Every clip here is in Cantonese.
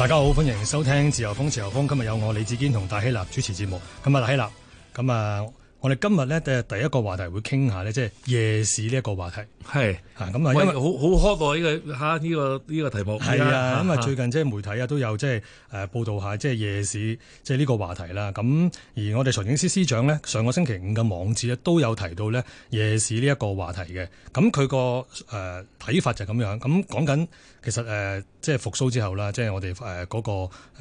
大家好，歡迎收聽自由風，自由風今日有我李志堅同大希臘主持節目。今日大希臘，咁啊。今日我哋今日咧嘅第一個話題會傾下咧，即係夜市呢一個話題。係啊是，咁啊，因為好好 hot 啊，呢個嚇呢個呢個題目。係啊，咁啊哈，最近即係媒體啊都有即係誒報導下即係夜市即係呢個話題啦。咁哈而我哋財政司司長咧上個星期五嘅網誌咧都有提到咧夜市呢一個話題嘅。咁佢個誒睇法就係咁樣。咁講緊其實誒即係復甦之後啦，即係我哋誒嗰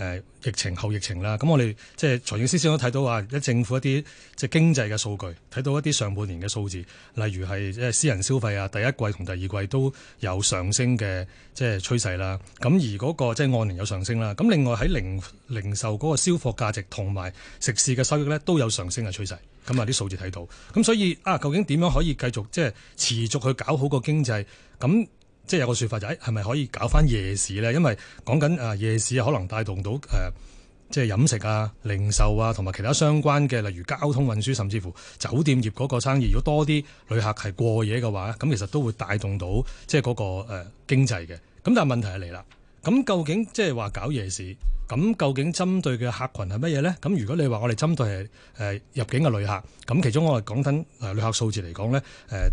個疫情後疫情啦。咁我哋即係財政司司長睇到話而家政府一啲即係經濟嘅數據睇到一啲上半年嘅數字，例如係即係私人消費啊，第一季同第二季都有上升嘅即係趨勢啦。咁而嗰個即係按年有上升啦。咁另外喺零零售嗰個銷貨價值同埋食肆嘅收益呢，都有上升嘅趨勢。咁啊啲數字睇到。咁所以啊，究竟點樣可以繼續即係持續去搞好個經濟？咁即係有個說法就係，係咪可以搞翻夜市呢？因為講緊啊夜市可能帶動到、啊即係飲食啊、零售啊，同埋其他相關嘅，例如交通運輸，甚至乎酒店業嗰個生意，如果多啲旅客係過夜嘅話，咁其實都會帶動到即係嗰個經、呃、經濟嘅。咁但係問題係嚟啦，咁究竟即係話搞夜市？咁究竟針對嘅客群係乜嘢呢？咁如果你話我哋針對係、呃、入境嘅旅客，咁其中我哋講緊旅客數字嚟講呢，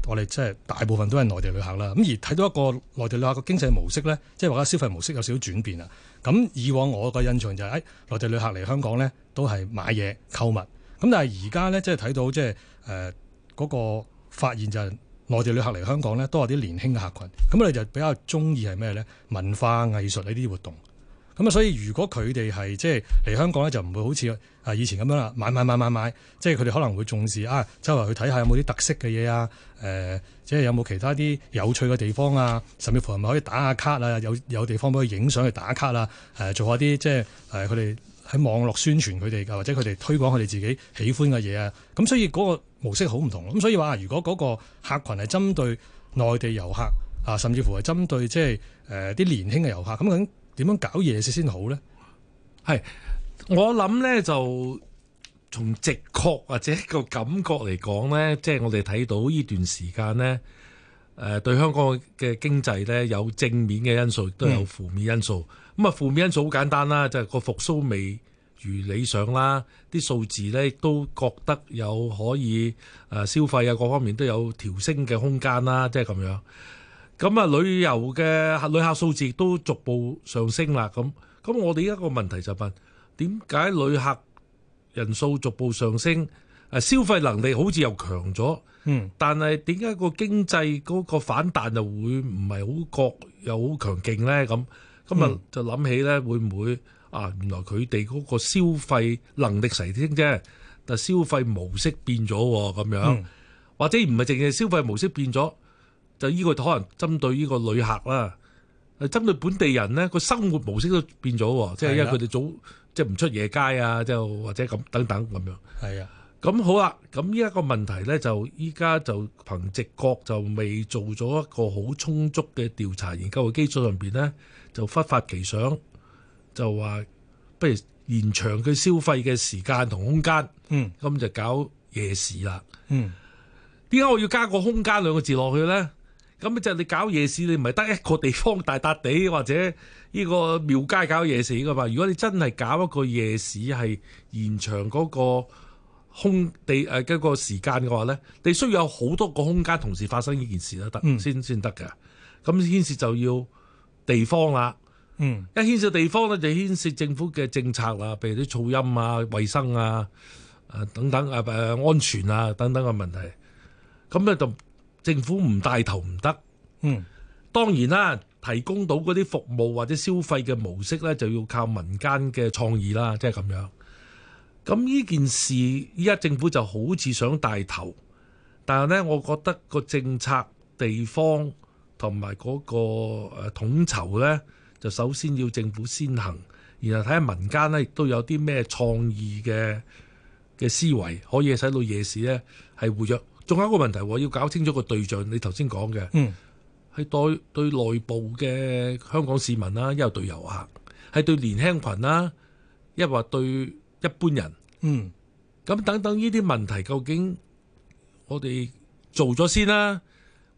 我哋即係大部分都係內地旅客啦。咁而睇到一個內地旅客嘅經濟模式呢，即係話消費模式有少少轉變啊。咁以往我個印象就係誒內地旅客嚟香港呢都係買嘢購物，咁但係而家呢，即係睇到即係嗰個發現就係內地旅客嚟香港呢，都係啲年輕嘅客群，咁我哋就比較中意係咩呢？文化藝術呢啲活動。咁啊，所以如果佢哋係即係嚟香港咧，就唔會好似啊以前咁樣啦，買買買買買，即係佢哋可能會重視啊，周圍去睇下有冇啲特色嘅嘢啊，誒、呃，即係有冇其他啲有趣嘅地方啊，甚至乎係咪可以打下卡啊？有有地方可以影相去打卡啊？誒、呃，做下啲即係誒，佢哋喺網絡宣傳佢哋，或者佢哋推廣佢哋自己喜歡嘅嘢啊。咁所以嗰個模式好唔同。咁所以話，如果嗰個客群係針對內地遊客啊，甚至乎係針對即係誒啲年輕嘅遊客，咁。點樣搞嘢先好呢？係我諗呢就從直覺或者個感覺嚟講呢，即係我哋睇到呢段時間呢，誒對香港嘅經濟呢，有正面嘅因素，亦都有負面因素。咁啊、嗯，負面因素好簡單啦，就係個復甦未如理想啦，啲數字呢，都覺得有可以誒消費啊，各方面都有調升嘅空間啦，即係咁樣。咁啊，旅遊嘅旅客數字都逐步上升啦。咁咁，我哋依家個問題就問：點解旅客人數逐步上升？誒，消費能力好似又強咗。嗯。但係點解個經濟嗰個反彈又會唔係好強又好強勁呢？咁咁啊，就諗起呢，會唔會啊？原來佢哋嗰個消費能力提升啫，但係消費模式變咗咁樣，或者唔係淨係消費模式變咗。就呢個可能針對呢個旅客啦，針對本地人呢個生活模式都變咗喎的，即係因為佢哋早即係唔出夜街啊，就或者咁等等咁樣。係啊的，咁好啦，咁呢一個問題呢，就依家就憑直覺就未做咗一個好充足嘅調查研究嘅基礎上邊呢，就忽發奇想，就話不如延長佢消費嘅時間同空間。嗯，咁就搞夜市啦。嗯，點解我要加個空間兩個字落去呢？咁咪就係你搞夜市，你唔係得一個地方大笪地或者呢個廟街搞夜市噶嘛？如果你真係搞一個夜市係延長嗰個空地誒、啊嗰個時間嘅話呢，你需要有好多個空間同時發生呢件事都得，先先得㗎。咁牽涉就要地方啦，嗯、一牽涉地方呢，就牽涉政府嘅政策啦，譬如啲噪音啊、衛生啊，啊、等等、啊啊、安全啊等等嘅問題，咁咧就。政府唔帶頭唔得，嗯，當然啦，提供到嗰啲服務或者消費嘅模式咧，就要靠民間嘅創意啦，即係咁樣。咁呢件事依家政府就好似想帶頭，但係咧，我覺得個政策，地方同埋嗰個誒統籌，咧，就首先要政府先行，然後睇下民間咧亦都有啲咩創意嘅嘅思維，可以使到夜市咧，係活躍。仲有一個問題，我要搞清楚個對象。你頭先講嘅，係對、嗯、對內部嘅香港市民啦，一係對遊客，係對年輕群啦，一或對一般人。嗯，咁等等呢啲問題，究竟我哋做咗先啦，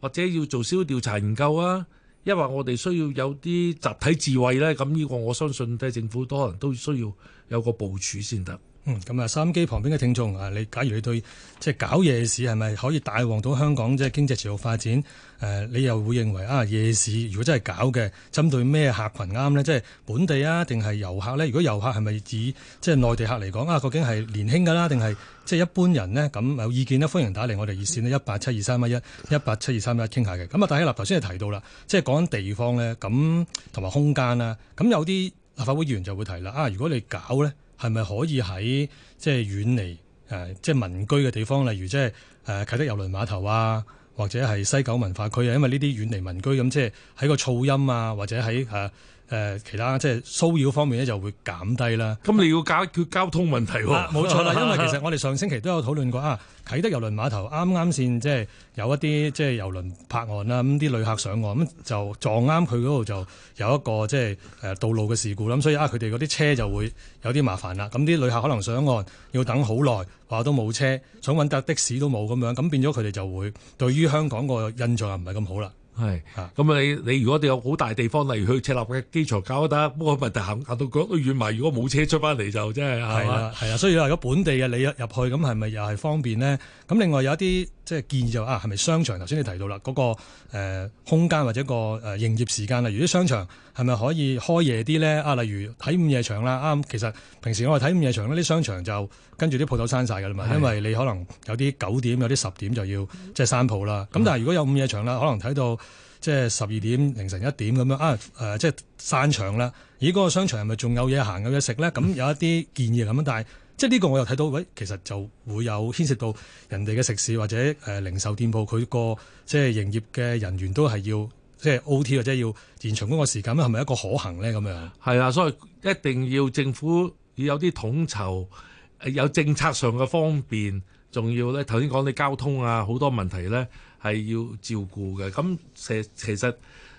或者要做少少調查研究啊？一或我哋需要有啲集體智慧呢。咁呢個我相信都係政府都可能都需要有個部署先得。咁啊，收音、嗯、機旁邊嘅聽眾啊，你假如你對即係搞夜市係咪可以帶旺到香港即係經濟持續發展？呃、你又會認為啊，夜市如果真係搞嘅，針對咩客群啱呢？即係本地啊，定係遊客呢？如果遊客係咪指即係內地客嚟講啊？究竟係年輕㗎啦，定係即係一般人呢？咁有意見呢？歡迎打嚟我哋熱線咧，1, 一八七二三一一八七二三一傾下嘅。咁啊，戴希立頭先係提到啦，即係講地方呢，咁同埋空間啦、啊，咁有啲立法會議員就會提啦，啊，如果你搞呢。係咪可以喺即係遠離誒，即係民居嘅地方，例如即係誒啟德郵輪碼頭啊，或者係西九文化區啊，因為呢啲遠離民居，咁即係喺個噪音啊，或者喺誒。啊誒其他即係騷擾方面咧就會減低啦。咁你要解決交通問題喎？啊，冇錯啦，因為其實我哋上星期都有討論過啊。啟德郵輪碼頭啱啱先即係有一啲即係郵輪泊岸啦，咁啲旅客上岸咁就撞啱佢嗰度就有一個即係誒道路嘅事故啦。咁所以啊，佢哋嗰啲車就會有啲麻煩啦。咁啲旅客可能上岸要等好耐，話都冇車，想搵搭的士都冇咁樣，咁變咗佢哋就會對於香港個印象唔係咁好啦。係，咁啊你你如果你有好大地方，例如去赤鱲角機場搞都得，不、那、過、個、問題行行到腳都遠埋，如果冇車出翻嚟就真係係嘛，係啊，所以話如果本地嘅你入去咁係咪又係方便咧？咁另外有啲即係建議就是、啊，係咪商場頭先你提到啦嗰、那個誒、呃、空間或者個誒營業時間啊？如果商場。係咪可以開夜啲咧？啊，例如睇午夜場啦，啱、啊、其實平時我哋睇午夜場咧，啲商場就跟住啲鋪頭閂晒㗎啦嘛，的因為你可能有啲九點、有啲十點就要、嗯、即係閂鋪啦。咁、嗯、但係如果有午夜場啦，可能睇到即係十二點、凌晨一點咁樣啊，呃、即係散場啦。而嗰、嗰個商場係咪仲有嘢行、有嘢食咧？咁有一啲建議咁樣，但係即係呢個我又睇到，喂，其實就會有牽涉到人哋嘅食肆或者、呃、零售店鋪，佢、嗰個即係營業嘅人員都係要。即係 O.T. 或者要延長嗰個時間咧，係咪一個可行咧？咁樣，係啊，所以一定要政府要有啲統籌，有政策上嘅方便，仲要咧頭先講啲交通啊好多問題咧係要照顧嘅。咁其實其實、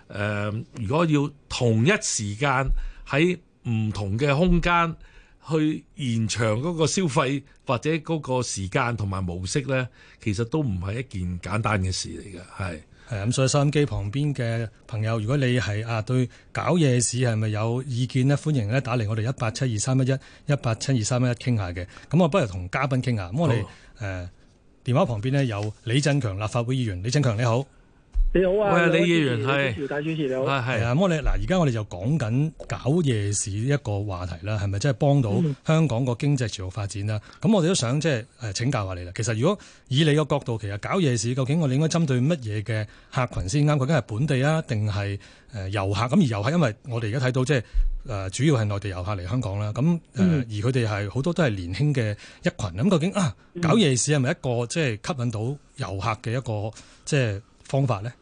呃、如果要同一時間喺唔同嘅空間去延長嗰個消費或者嗰個時間同埋模式咧，其實都唔係一件簡單嘅事嚟嘅，係。誒咁、嗯、所以收音機旁邊嘅朋友，如果你係啊對搞夜市係咪有意見咧，歡迎咧打嚟我哋一八七二三一一，一八七二三一一傾下嘅。咁我不如同嘉賓傾下。咁我哋誒、哦呃、電話旁邊呢，有李鎮強立法會議員，李鎮強你好。你好啊，喂李議員係大主持你好，係係啊，咁我哋嗱，而家我哋就講緊搞夜市呢一個話題啦，係咪即係幫到香港個經濟持續發展啦？咁、嗯、我哋都想即係誒請教下你啦。其實如果以你個角度，其實搞夜市究竟我哋應該針對乜嘢嘅客群先啱？究竟係本地啊，定係誒遊客？咁而遊客因為我哋而家睇到即係誒主要係內地遊客嚟香港啦。咁誒而佢哋係好多都係年輕嘅一群。咁究竟啊搞夜市係咪一個即係、就是、吸引到遊客嘅一個即係、就是、方法咧？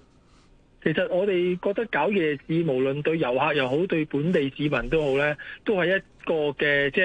其實我哋覺得搞夜市，無論對遊客又好，對本地市民都好呢，都係一個嘅即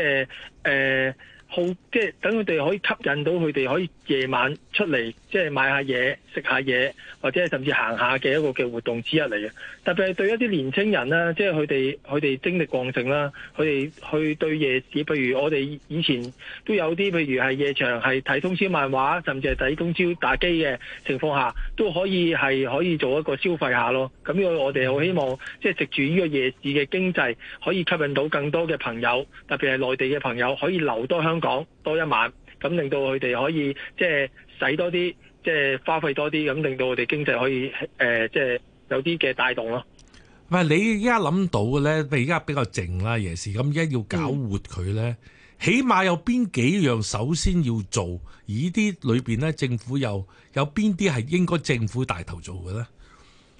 係好，即係等佢哋可以吸引到佢哋可以夜晚出嚟，即係買下嘢、食下嘢，或者甚至行下嘅一個嘅活動之一嚟嘅。特別係對一啲年青人啦，即係佢哋佢哋精力旺盛啦，佢哋去對夜市，譬如我哋以前都有啲，譬如係夜場係睇通宵漫畫，甚至係睇通宵打機嘅情況下，都可以係可以做一個消費下咯。咁我哋好希望即係藉住呢個夜市嘅經濟可以吸引到更多嘅朋友，特別係內地嘅朋友可以留多香。講多一晚，咁令到佢哋可以即係使多啲，即係花費多啲，咁令到佢哋經濟可以誒、呃，即係有啲嘅帶動咯。唔係你而家諗到嘅咧，你而家比較靜啦，夜市咁，而家要搞活佢咧，嗯、起碼有邊幾樣首先要做？而啲裏邊咧，政府又有邊啲係應該政府帶頭做嘅咧？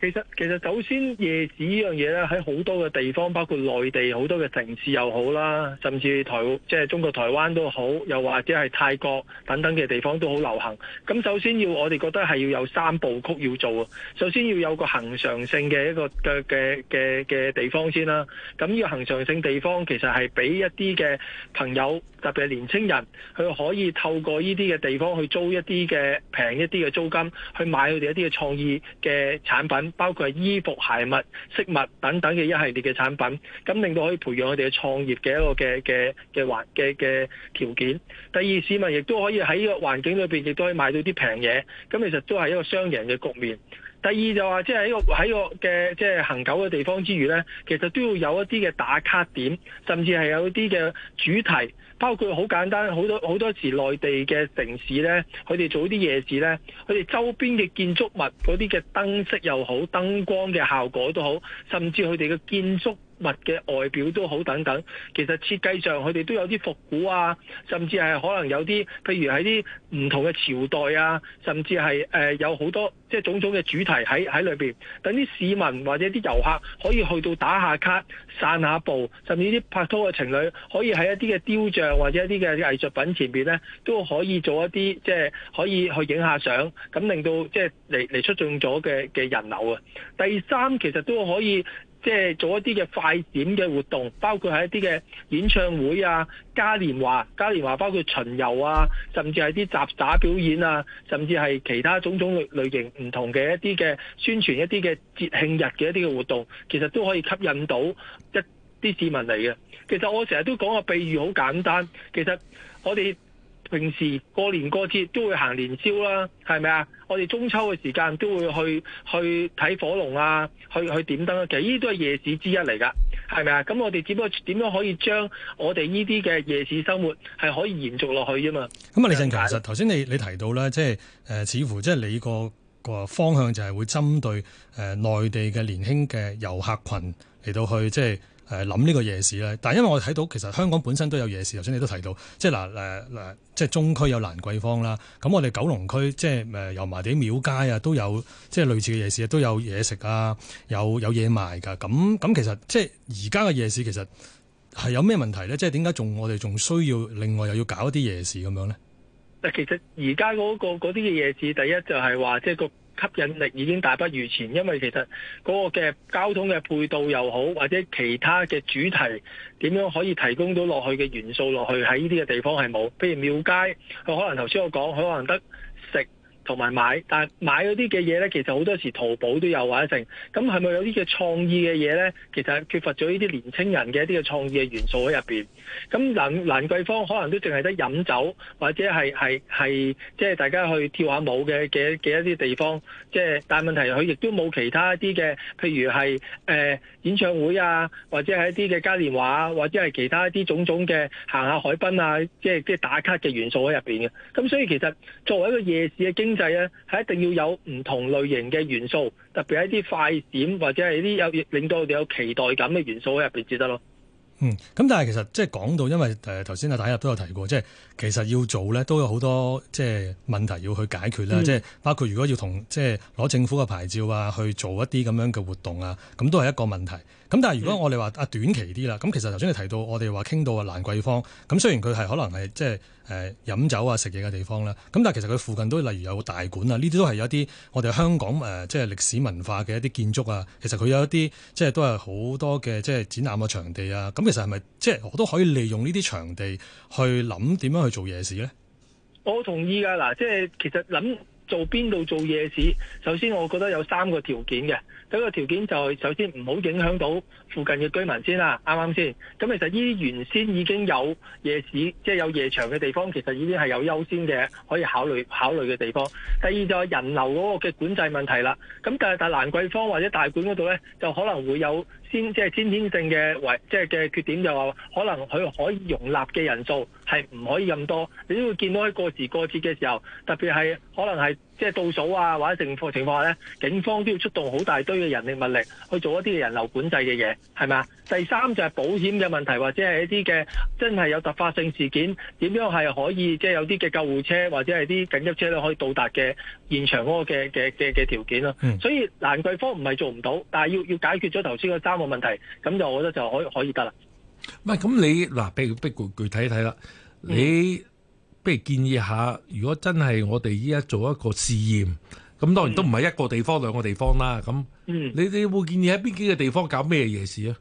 其實其實首先夜市呢樣嘢咧，喺好多嘅地方，包括內地好多嘅城市又好啦，甚至台即係、就是、中國台灣都好，又或者係泰國等等嘅地方都好流行。咁首先要我哋覺得係要有三部曲要做啊。首先要有個恒常性嘅一個嘅嘅嘅嘅地方先啦。咁呢個恒常性地方其實係俾一啲嘅朋友，特別係年青人，佢可以透過呢啲嘅地方去租一啲嘅平一啲嘅租金，去買佢哋一啲嘅創意嘅產品。包括衣服、鞋物、飾物等等嘅一系列嘅產品，咁令到可以培養佢哋嘅創業嘅一個嘅嘅嘅環嘅嘅條件。第二，市民亦都可以喺呢個環境裏邊亦都可以買到啲平嘢，咁其實都係一個雙贏嘅局面。第二就話即係喺個喺個嘅即係行久嘅地方之餘呢，其實都要有一啲嘅打卡點，甚至係有一啲嘅主題。包括好簡單，好多好多時，內地嘅城市呢，佢哋做啲夜市呢，佢哋周邊嘅建築物嗰啲嘅燈飾又好，燈光嘅效果都好，甚至佢哋嘅建築物嘅外表都好等等。其實設計上佢哋都有啲復古啊，甚至係可能有啲，譬如喺啲唔同嘅朝代啊，甚至係誒有好多即係、就是、種種嘅主題喺喺裏面。等啲市民或者啲遊客可以去到打下卡。散下步，甚至啲拍拖嘅情侶可以喺一啲嘅雕像或者一啲嘅藝術品前邊咧，都可以做一啲即係可以去影下相，咁令到即係嚟嚟出眾咗嘅嘅人流啊。第三其實都可以。即係做一啲嘅快閃嘅活動，包括係一啲嘅演唱會啊、嘉年華、嘉年華，包括巡遊啊，甚至係啲雜耍表演啊，甚至係其他種種類類型唔同嘅一啲嘅宣傳一啲嘅節慶日嘅一啲嘅活動，其實都可以吸引到一啲市民嚟嘅。其實我成日都講個比喻好簡單，其實我哋。平時過年過節都會行年宵啦，係咪啊？我哋中秋嘅時間都會去去睇火龍啊，去去點燈啊，其實呢啲都係夜市之一嚟㗎，係咪啊？咁我哋只不過點樣可以將我哋呢啲嘅夜市生活係可以延續落去啊嘛？咁啊，李鎮強，其實頭先你你提到咧，即係誒，似乎即係你個、那個方向就係會針對誒內、呃、地嘅年輕嘅遊客群嚟到去即係。就是誒諗呢個夜市咧，但係因為我睇到其實香港本身都有夜市，頭先你都提到，即係嗱誒嗱，即係中區有蘭桂坊啦，咁我哋九龍區即係誒油麻地廟街啊，都有即係類似嘅夜市，都有嘢食啊，有有嘢賣噶，咁咁其實即係而家嘅夜市其實係有咩問題咧？即係點解仲我哋仲需要另外又要搞一啲夜市咁樣咧？嗱，其實而家嗰個嗰啲嘅夜市，第一就係話即係個。吸引力已經大不如前，因為其實嗰個嘅交通嘅配套又好，或者其他嘅主題點樣可以提供到落去嘅元素落去，喺呢啲嘅地方係冇。譬如廟街，佢可能頭先我講，佢可能得。同埋買，但係買嗰啲嘅嘢咧，其實好多時淘寶都有或者剩，咁係咪有啲嘅創意嘅嘢咧？其實缺乏咗呢啲年青人嘅一啲嘅創意嘅元素喺入邊。咁蘭蘭桂坊可能都淨係得飲酒或者係係係即係大家去跳下舞嘅嘅嘅一啲地方，即係但係問題佢亦都冇其他一啲嘅，譬如係誒呃演唱會啊，或者係一啲嘅嘉年華啊，或者係其他一啲種種嘅行下海濱啊，即係即係打卡嘅元素喺入邊嘅。咁所以其實作為一個夜市嘅經經濟咧，係一定要有唔同類型嘅元素，特別係一啲快閃或者係啲有令到我哋有期待感嘅元素喺入邊至得咯。嗯，咁但係其實即係講到，因為誒頭先阿大入都有提過，即係其實要做呢，都有好多即係問題要去解決啦，即係，嗯，包括如果要同即係攞政府嘅牌照啊去做一啲咁樣嘅活動啊，咁都係一個問題。咁但係如果我哋話啊短期啲啦，咁其實頭先你提到我哋話傾到啊蘭桂坊，咁雖然佢係可能係即係誒飲酒啊食嘢嘅地方啦，咁但係其實佢附近都例如有大館啊，呢啲都係有一啲我哋香港誒即係歷史文化嘅一啲建築啊，其實佢有一啲即係都係好多嘅即係展覽嘅場地啊，咁其實係咪即係我都可以利用呢啲場地去諗點樣去做夜市咧？我同意噶，嗱，即係其實諗做邊度做夜市，首先我覺得有三個條件嘅。一個條件就首先唔好影響到附近嘅居民先啦，啱啱先？咁其實依啲原先已經有夜市，即係有夜場嘅地方，其實已經係有優先嘅可以考慮考慮嘅地方。第二就係人流嗰個嘅管制問題啦。咁但係大係蘭桂坊或者大館嗰度咧，就可能會有先即係先天性嘅為即係嘅缺點就，就話可能佢可以容納嘅人數係唔可以咁多。你都會見到喺過時過節嘅時候，特別係可能係。即係倒數啊，或者盛貨情況下咧，警方都要出動好大堆嘅人力物力去做一啲人流管制嘅嘢，係咪啊？第三就係保險嘅問題，或者係一啲嘅真係有突發性事件，點樣係可以即係有啲嘅救護車或者係啲緊急車輛可以到達嘅現場嗰個嘅嘅嘅嘅條件咯、啊。嗯、所以蘭桂坊唔係做唔到，但係要要解決咗頭先嘅三個問題，咁就我覺得就可以可以得啦。唔係咁，你嗱，譬如逼具具體睇啦，你。不如建議下，如果真係我哋依家做一個試驗，咁當然都唔係一個地方、嗯、兩個地方啦。咁，你你會建議喺邊幾個地方搞咩夜市？啊？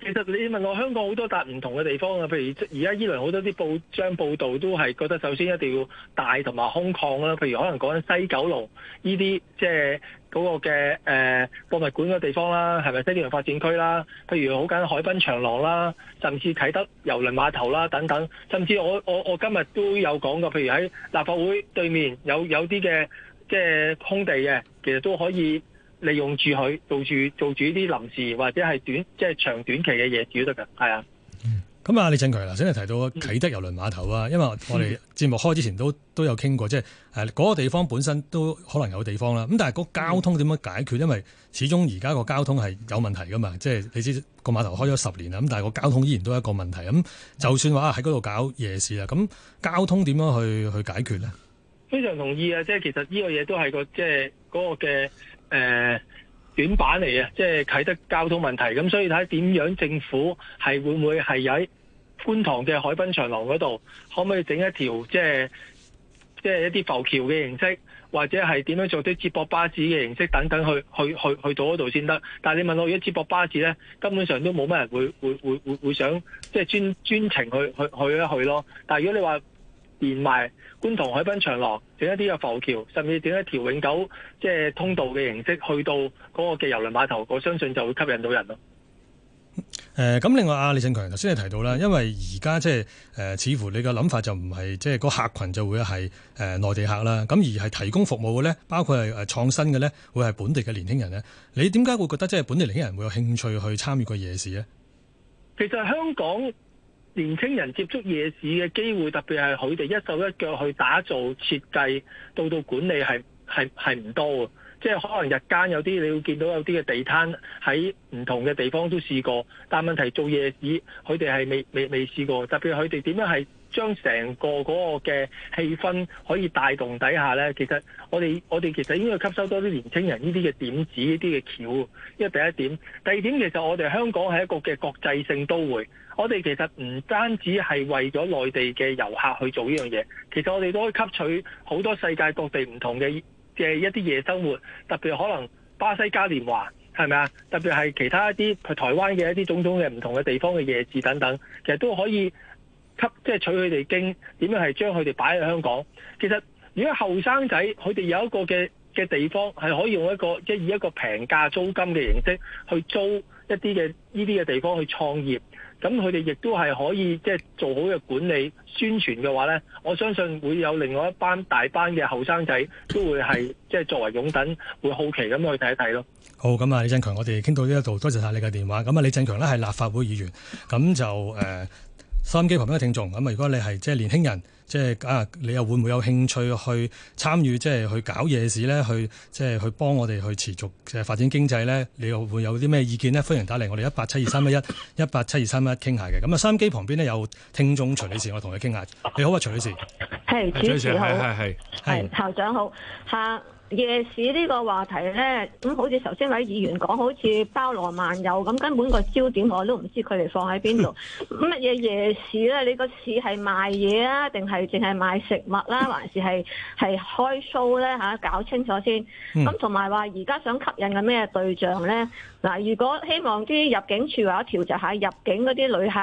其實你問我香港好多笪唔同嘅地方啊，譬如而家依輪好多啲報章報道都係覺得首先一定要大同埋空曠啦。譬如可能講緊西九龍依啲即係嗰個嘅誒、呃、博物館嘅地方啦，係咪西九龍發展區啦？譬如好近海濱長廊啦，甚至啟德遊輪碼頭啦等等，甚至我我我今日都有講過，譬如喺立法會對面有有啲嘅即係空地嘅，其實都可以。利用住佢做住做住啲臨時或者係短即係長短期嘅嘢住都得噶，係啊。咁啊、嗯，李鎮強嗱，先你提到啟德郵輪碼頭啊，嗯，因為我哋節目開之前都都有傾過，即係嗰個地方本身都可能有地方啦。咁但係個交通點樣解決？嗯，因為始終而家個交通係有問題噶嘛。即、就、係、是、你知個碼頭開咗十年啦，咁但係個交通依然都係一個問題。咁就算話喺嗰度搞夜市啦，咁、那個、交通點樣去去解決呢？非常同意啊！即係其實呢個嘢都係、那個即係嗰個嘅。誒、呃，短板嚟，即係啟德交通問題，咁所以睇點樣政府係會唔會係喺觀塘嘅海濱長廊嗰度，可唔可以整一條即係即係一啲浮橋嘅形式，或者係點樣做啲接駁巴士嘅形式等等，去去去去到嗰度先得。但係你問我如果接駁巴士咧，根本上都冇乜人會會會會會想即係專專程去去去一去咯。但係如果你話，連埋觀塘海濱長廊，整一啲嘅浮橋，甚至整一條永久即係通道嘅形式，去到嗰個嘅郵輪碼頭，我相信就會吸引到人咯。誒、呃，咁另外阿李鎮強頭先你提到啦，因為而家即係誒，似乎你嘅諗法就唔係即係個客群就會係誒內地客啦，咁而係提供服務嘅咧，包括係誒創新嘅咧，會係本地嘅年輕人咧。你點解會覺得即係本地年輕人會有興趣去參與個夜市咧？其實香港。年青人接觸夜市嘅機會，特別係佢哋一手一腳去打造、設計到到管理係係係唔多嘅，即係可能日間有啲，你會見到有啲嘅地攤喺唔同嘅地方都試過，但問題係做夜市佢哋係未未未試過，特別佢哋點樣係？將成個嗰個嘅氣氛可以帶動底下呢，其實我哋我哋其實應該吸收多啲年輕人呢啲嘅點子、呢啲嘅橋，因為第一點，第二點其實我哋香港係一個嘅國際性都會，我哋其實唔單止係為咗內地嘅遊客去做呢樣嘢，其實我哋都可以吸取好多世界各地唔同嘅嘅一啲夜生活，特別可能巴西嘉年華係咪啊？特別係其他一啲台灣嘅一啲種種嘅唔同嘅地方嘅夜市等等，其實都可以。即係取佢哋經，點樣係將佢哋擺喺香港？其實如果後生仔佢哋有一個嘅嘅地方，係可以用一個即係以一個平價租金嘅形式去租一啲嘅呢啲嘅地方去創業，咁佢哋亦都係可以即係做好嘅管理宣傳嘅話呢。我相信會有另外一班大班嘅後生仔都會係即係作為擁躉，會好奇咁去睇一睇咯。好，咁啊李鎮強，我哋傾到呢一度，多謝晒你嘅電話。咁啊李鎮強呢係立法會議員，咁就誒。呃收音機旁邊嘅聽眾，咁啊，如果你係即係年輕人，即係啊，你又會唔會有興趣去參與即係、就是、去搞夜市咧？去即係、就是、去幫我哋去持續嘅發展經濟咧？你又會有啲咩意見咧？歡迎打嚟我哋一八七二三一一一八七二三一一傾下嘅。咁啊，收音機旁邊咧有聽眾徐女士，我同你傾下。你好啊，徐女士，係，主持人好，係校長好，嚇。夜市呢個話題呢，咁、嗯、好似頭先位議員講，好似包羅萬有咁，根本個焦點我都唔知佢哋放喺邊度。乜嘢夜市呢？你個市係賣嘢啊，定係淨係賣食物啦、啊，還是係係開 show 呢？嚇、啊，搞清楚先。咁同埋話，而家想吸引緊咩對象呢？嗱、啊，如果希望啲入境處話調節下入境嗰啲旅客。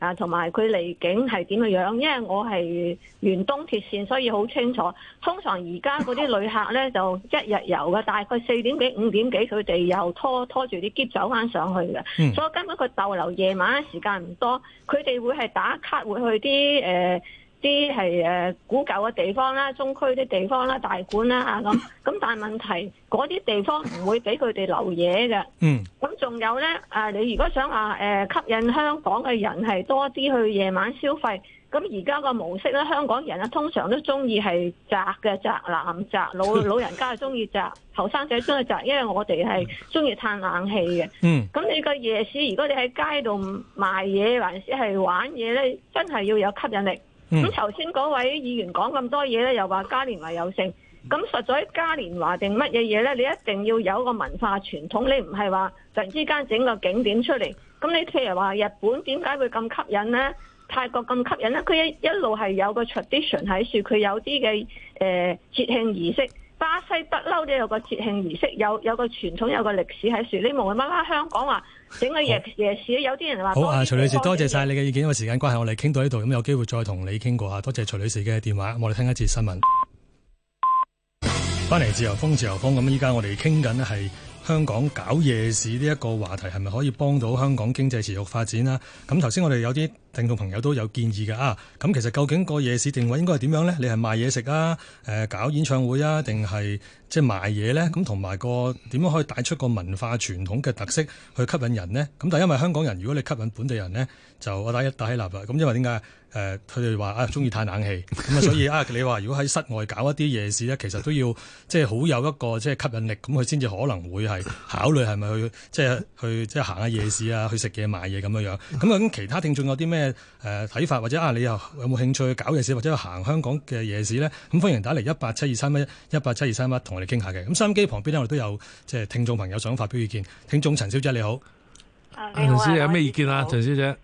啊，同埋佢離境係點嘅樣，樣？因為我係沿東鐵線，所以好清楚。通常而家嗰啲旅客呢，就一日遊嘅，大概四點幾五點幾，佢哋又拖拖住啲篋走翻上去嘅。嗯、所以根本佢逗留夜晚時間唔多，佢哋會係打卡，會去啲誒。呃啲係古舊嘅地方啦，中區啲地方啦，大館啦咁，咁、啊、但係問題嗰啲地方唔會俾佢哋留嘢嘅。嗯，咁仲有咧、啊、你如果想話、啊、吸引香港嘅人係多啲去夜晚消費，咁而家個模式咧，香港人咧通常都中意係宅嘅宅，男宅，老老人家中意宅，後生仔中意宅，因為我哋係中意嘆冷氣嘅。嗯，咁你個夜市如果你喺街度賣嘢，還是係玩嘢咧，真係要有吸引力。咁頭先嗰位議員講咁多嘢咧，又話嘉年華有性，咁實在嘉年華定乜嘢嘢咧？你一定要有個文化傳統，你唔係話突然之間整個景點出嚟。咁你譬如話日本點解會咁吸引咧？泰國咁吸引咧？佢一一路係有個 tradition 喺處，佢有啲嘅誒節慶儀式。巴西不嬲都有個節慶儀式，有有個傳統，有個歷史喺樹呢？冇乜媽，媽香港話整個夜好市節，有啲人話好啊。徐女士多謝晒你嘅意見，因為時間關係，我哋傾到呢度，咁有機會再同你傾過啊！多謝徐女士嘅電話，我哋聽一次新聞。翻嚟自由風自由風。咁，依家我哋傾緊係香港搞夜市呢一個話題，係咪可以幫到香港經濟持續發展啊？咁頭先我哋有啲聽眾朋友都有建議嘅啊。咁其實究竟個夜市定位應該係點樣呢？你係賣嘢食啊？誒？搞演唱會啊？定係即係賣嘢呢？咁同埋個點樣可以帶出個文化傳統嘅特色去吸引人呢？咁但係因為香港人，如果你吸引本地人呢，就我打一打起立啦。咁因為點解？誒，佢哋話啊，中意嘆冷氣咁啊、嗯，所以啊，你話如果喺室外搞一啲夜市咧，其實都要即係好有一個即係吸引力，咁佢先至可能會係考慮係咪去即係去即係行下夜市啊，去食嘢買嘢咁樣樣。咁啊，咁、嗯、其他聽眾有啲咩誒睇法？或者啊，你又有冇興趣搞夜市或者行香港嘅夜市咧？咁、嗯、歡迎打嚟一八七二三一一八七二三一，同我哋傾下嘅。咁收音機旁邊呢，我哋都有即係聽眾朋友想發表意見。聽眾陳小姐你好，啊，陳小姐、啊、有咩意見啊？陳小姐。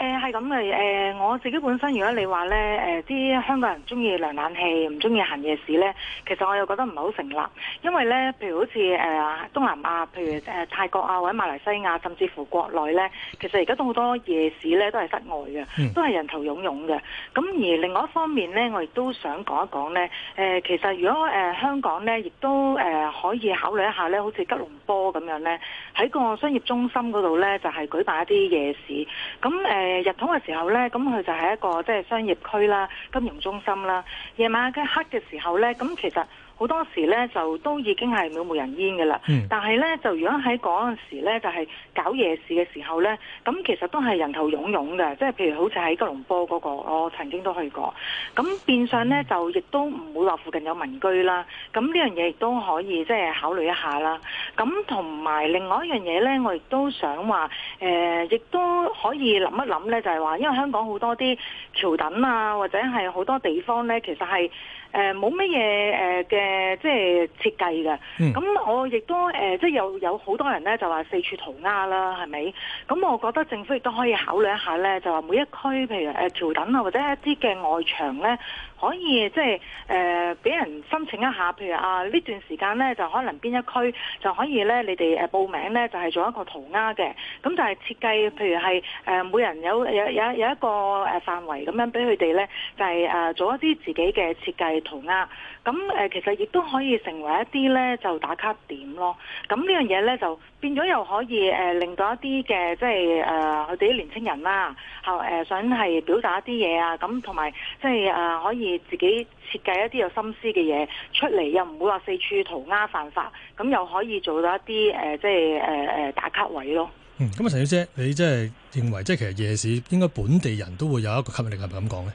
誒係咁嘅，誒我自己本身，如果你話咧，誒、呃、啲香港人中意涼冷氣，唔中意行夜市咧，其實我又覺得唔係好成立，因為咧，譬如好似誒、呃、東南亞，譬如、呃、泰國啊或者馬來西亞，甚至乎國內咧，其實而家都好多夜市咧都係室外嘅，都係人頭湧湧嘅。咁而另外一方面咧，我亦都想講一講咧、呃，其實如果、呃、香港咧，亦都、呃、可以考慮一下咧，好似吉隆坡咁樣咧，喺個商業中心嗰度咧，就係、是、舉辦一啲夜市，咁誒。誒，日頭嘅時候咧，咁佢就係一個即係商業區啦、金融中心啦。夜晚嘅黑嘅時候咧，咁其實。好多時咧就都已經係渺無人煙嘅啦，嗯、但係咧就如果喺嗰陣時咧就係、是、搞夜市嘅時候咧，咁其實都係人頭湧湧嘅，即、就、係、是、譬如好似喺吉隆坡嗰、那個，我曾經都去過，咁變相咧就亦都唔會話附近有民居啦，咁呢樣嘢亦都可以即係、就是、考慮一下啦。咁同埋另外一樣嘢咧，我亦都想話，誒、呃、亦都可以諗一諗咧，就係、是、話因為香港好多啲橋墩啊，或者係好多地方咧，其實係。誒冇乜嘢嘅即係設計嘅，咁、嗯、我亦都、呃、即係有有好多人咧就話四處塗鴉啦，係咪？咁我覺得政府亦都可以考慮一下咧，就話每一區譬如誒調啊，或者一啲嘅外牆咧，可以即係誒俾人申請一下，譬如啊呢段時間咧就可能邊一區就可以咧你哋報名咧就係、是、做一個塗鴉嘅，咁就係設計，譬如係、呃、每人有有有有一個範圍咁樣俾佢哋咧，就係、是、誒、呃、做一啲自己嘅設計。塗鴉咁誒，其實亦都可以成為一啲咧就打卡點咯。咁呢樣嘢咧就變咗又可以誒，令到一啲嘅即係誒，佢哋啲年青人啦，後誒想係表達一啲嘢啊。咁同埋即係誒，可以自己設計一啲有心思嘅嘢出嚟，又唔會話四處塗鴉犯法。咁又可以做到一啲誒、呃，即係誒誒打卡位咯。嗯，咁啊，陳小姐，你即係認為即係其實夜市應該本地人都會有一個吸引力，係咪咁講咧？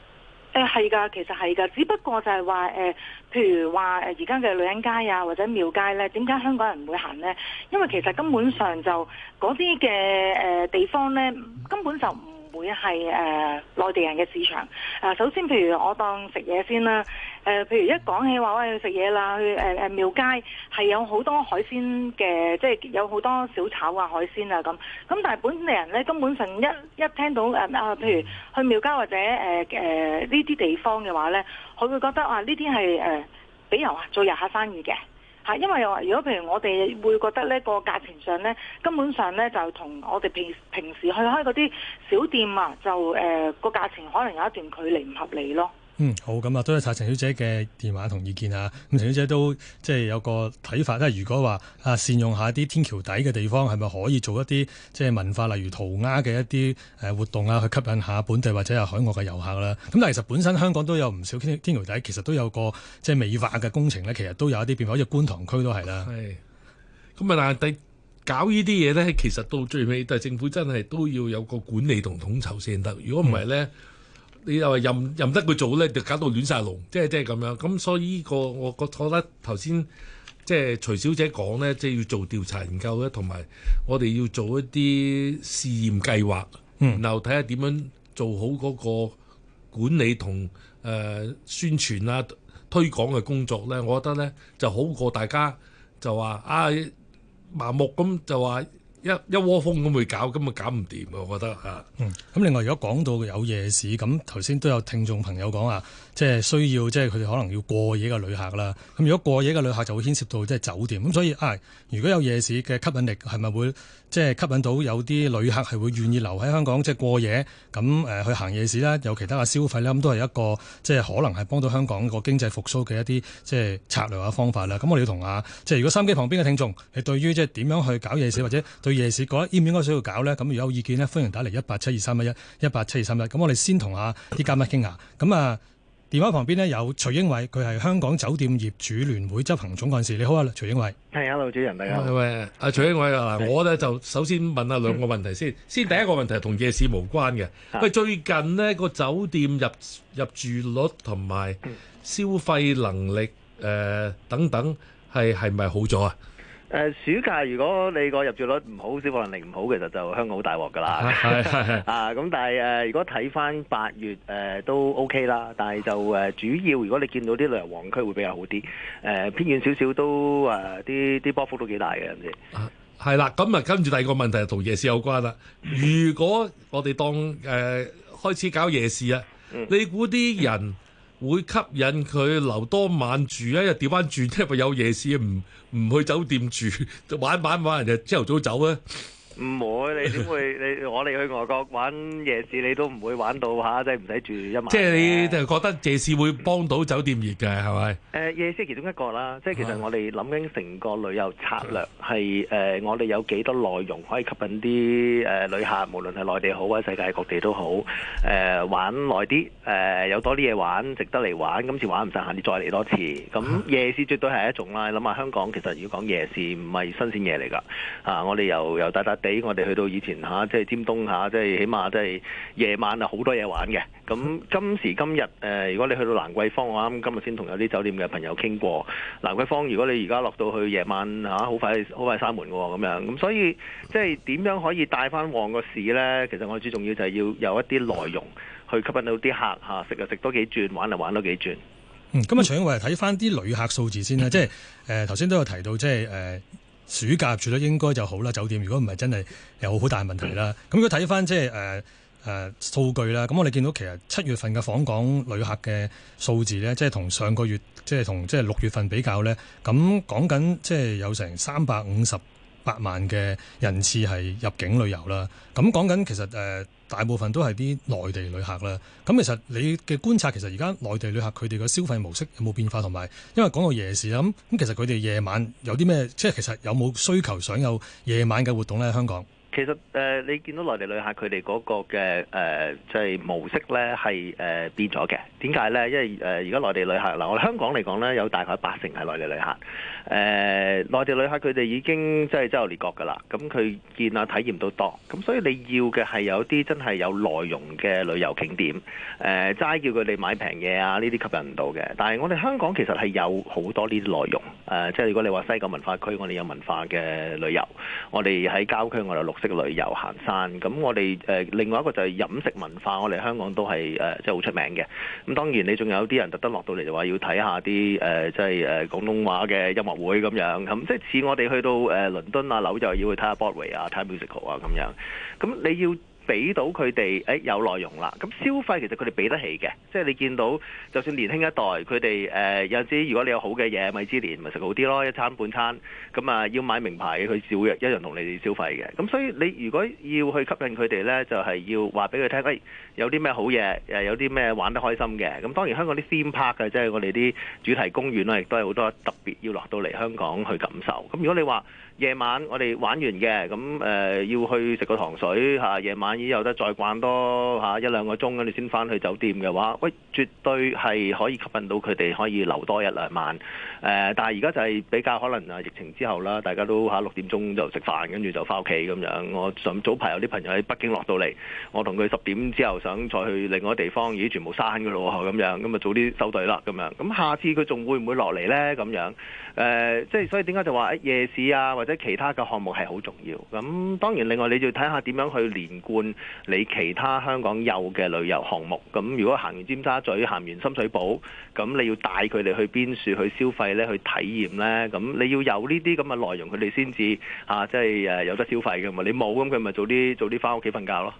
誒係㗎，其實係㗎，只不過就係話誒，譬如話誒，而家嘅女人街啊，或者廟街咧，點解香港人唔會行咧？因為其實根本上就嗰啲嘅誒地方咧，根本就唔會係誒、呃、內地人嘅市場啊、呃，首先，譬如我當食嘢先啦，誒、呃、譬如一講起話喂去食嘢啦，去誒誒廟街係有好多海鮮嘅，即係有好多小炒啊、海鮮啊咁。咁但係本地人咧，根本上一一聽到誒啊、呃，譬如去廟街或者誒誒呢啲地方嘅話咧，佢會覺得啊，呢啲係誒俾人啊做遊客生意嘅。係，因為如果譬如我哋會覺得呢個價錢上呢，根本上呢，就同我哋平平時去開嗰啲小店啊，就誒、呃、個價錢可能有一段距離，唔合理咯。嗯，好，咁啊，多謝晒陳小姐嘅電話同意見啊。咁陳小姐都即係有個睇法，如果話啊善用下啲天橋底嘅地方，係咪可以做一啲即係文化，例如塗鴉嘅一啲誒活動啊，去吸引下本地或者係海外嘅遊客啦。咁但係其實本身香港都有唔少天橋底，其實都有個即係美化嘅工程咧，其實都有一啲變化，好似觀塘區都係啦。係。咁啊，但係搞呢啲嘢咧，其實到最尾，但係政府真係都要有個管理同統籌先得。如果唔係咧。嗯你又話任任得佢做咧，就搞到亂晒龍，即係即係咁樣。咁所以呢個我覺得我覺得頭先即係徐小姐講咧，即係要做調查研究咧，同埋我哋要做一啲試驗計劃，然後睇下點樣做好嗰個管理同誒宣傳啊推廣嘅工作咧。我覺得咧就好過大家就話啊盲目咁就話。一一窩蜂咁去搞，咁啊搞唔掂啊！我覺得吓，嗯，咁另外如果講到有夜市，咁頭先都有聽眾朋友講啊。即係需要，即係佢哋可能要過夜嘅旅客啦。咁如果過夜嘅旅客就會牽涉到即係酒店。咁所以，如果有夜市嘅吸引力，係咪會即係吸引到有啲旅客係會願意留喺香港即係過夜？咁去行夜市啦，有其他嘅消費啦，咁都係一個即係可能係幫到香港個經濟復甦嘅一啲即係策略嘅方法啦。咁我哋要同啊，即係如果三機旁邊嘅聽眾係對於即係點樣去搞夜市，或者對夜市覺得應唔應該需要搞呢？咁如果有意見呢，歡迎打嚟一八七二三一一一八七二三一。咁我哋先同啊啲嘉賓傾下。咁啊～電話旁邊有徐英偉，佢係香港酒店業主聯會執行總幹事。你好啊，徐英偉。係啊、hey，老主人你好。喂，阿徐英偉啊，嗱，我咧就首先問下兩個問題先。先第一個問題同夜市無關嘅。喂，最近呢、個酒店入入住率同埋消費能力誒、呃、等等係係咪好咗啊？誒，暑假如果你個入住率唔好，消防能力唔好，其實就香港好大鑊噶啦。啊，咁但係誒，如果睇翻八月誒都 OK 啦，但係就誒主要，如果你見到啲旅遊旺區會比較好啲，誒偏遠少少都誒啲啲波幅都幾大嘅。係啦，咁啊跟住第二個問題就同夜市有關啦。如果我哋當誒開始搞夜市啊，你估啲人？會吸引佢留多晚住，一日調翻轉，因為有夜市唔唔去酒店住玩玩玩，人就朝頭早走咧，啊。唔會，你點會？你我哋去外國玩夜市，你都唔會玩到嚇，即係唔使住一晚。即係你就覺得夜市會幫到酒店業嘅，係咪？誒，夜市其中一個啦，即係其實我哋諗緊成個旅遊策略係誒，我哋有幾多內容可以吸引啲誒旅客，無論係內地好或者世界各地都好誒，玩耐啲誒，有多啲嘢玩，值得嚟玩。今次玩唔晒，下次再嚟多次。咁夜市絕對係一種啦。諗下香港其實如果講夜市唔係新鮮嘢嚟㗎啊！我哋又又得得。俾我哋去到以前嚇，即、啊、係、就是、尖東嚇，即、啊、係、就是、起碼即係夜晚啊，好多嘢玩嘅。咁今時今日誒、呃，如果你去到蘭桂坊，我啱今日先同有啲酒店嘅朋友傾過。蘭桂坊如果你而家落到去夜晚嚇，好、啊、快好快閂門嘅喎，咁、啊、樣。咁所以即係點樣可以帶翻旺個市呢？其實我最重要就係要有一啲內容去吸引到啲客嚇、啊，食就食多幾轉，玩就玩多幾轉。嗯嗯、今日啊，請我哋睇翻啲旅客數字先啦，嗯、即係誒頭先都有提到，即係誒。呃暑假入住率應該就好啦，酒店如果唔係真係有好大問題啦。咁如果睇翻即係誒誒數據啦，咁我哋見到其實七月份嘅訪港旅客嘅數字呢，即係同上個月，即係同即係六月份比較呢。咁講緊即係有成三百五十八萬嘅人次係入境旅遊啦。咁講緊其實誒。呃大部分都係啲內地旅客啦，咁其實你嘅觀察，其實而家內地旅客佢哋嘅消費模式有冇變化同埋，因為講到夜市，咁咁其實佢哋夜晚有啲咩，即係其實有冇需求想有夜晚嘅活動咧？香港。其實誒，你見到內地旅客佢哋嗰個嘅誒，即、呃、係、就是、模式咧係誒變咗嘅。點解咧？因為誒而家內地旅客嗱，我哋香港嚟講咧有大概八成係內地旅客。誒、呃、內地旅客佢哋已經即係、就是、周遊列國㗎啦。咁佢見啊體驗到多。咁所以你要嘅係有啲真係有內容嘅旅遊景點。誒齋叫佢哋買平嘢啊，呢啲吸引唔到嘅。但係我哋香港其實係有好多呢啲內容。誒即係如果你話西九文化區，我哋有文化嘅旅遊。我哋喺郊區我哋有綠。嘅旅遊行山，咁我哋、呃、另外一個就係飲食文化，我哋香港都係誒即係好出名嘅。咁當然你仲有啲人特登落到嚟就話要睇下啲即係誒廣東話嘅音樂會咁樣，咁、嗯、即係似我哋去到誒、呃、倫敦啊，紐約要去睇下 Broadway 啊、睇下 musical 啊咁樣。咁、嗯、你要。俾到佢哋誒有內容啦，咁消費其實佢哋俾得起嘅，即係你見到就算年輕一代，佢哋誒有啲如果你有好嘅嘢，米芝蓮咪食好啲咯一餐半餐，咁、嗯、啊要買名牌嘅佢照一樣同你哋消費嘅。咁、嗯、所以你如果要去吸引佢哋呢，就係、是、要話俾佢聽，喂、哎、有啲咩好嘢誒有啲咩玩得開心嘅，咁、嗯、當然香港啲 theme park 嘅即係我哋啲主題公園啦，亦都係好多特別要落到嚟香港去感受。咁、嗯、如果你話，夜晚我哋玩完嘅，咁誒、呃、要去食個糖水夜、啊、晚已經有得再逛多、啊、一兩個鐘，跟住先翻去酒店嘅話，喂，絕對係可以吸引到佢哋可以留多一兩晚。誒、啊，但係而家就係比較可能啊，疫情之後啦，大家都下六、啊、點鐘就食飯，跟住就翻屋企咁樣。我早排有啲朋友喺北京落到嚟，我同佢十點之後想再去另外一地方，已經全部閂㗎咯咁樣，咁啊早啲收隊啦咁樣。咁下次佢仲會唔會落嚟呢？咁樣誒，即、呃、係所以點解就話誒、啊、夜市啊？或者其他嘅項目係好重要，咁當然另外你就要睇下點樣去連貫你其他香港有嘅旅遊項目。咁如果行完尖沙咀，行完深水埗，咁你要帶佢哋去邊處去消費呢，去體驗呢，咁你要有呢啲咁嘅內容，佢哋先至啊，即係誒有得消費㗎嘛。你冇咁佢咪早啲早啲返屋企瞓覺咯。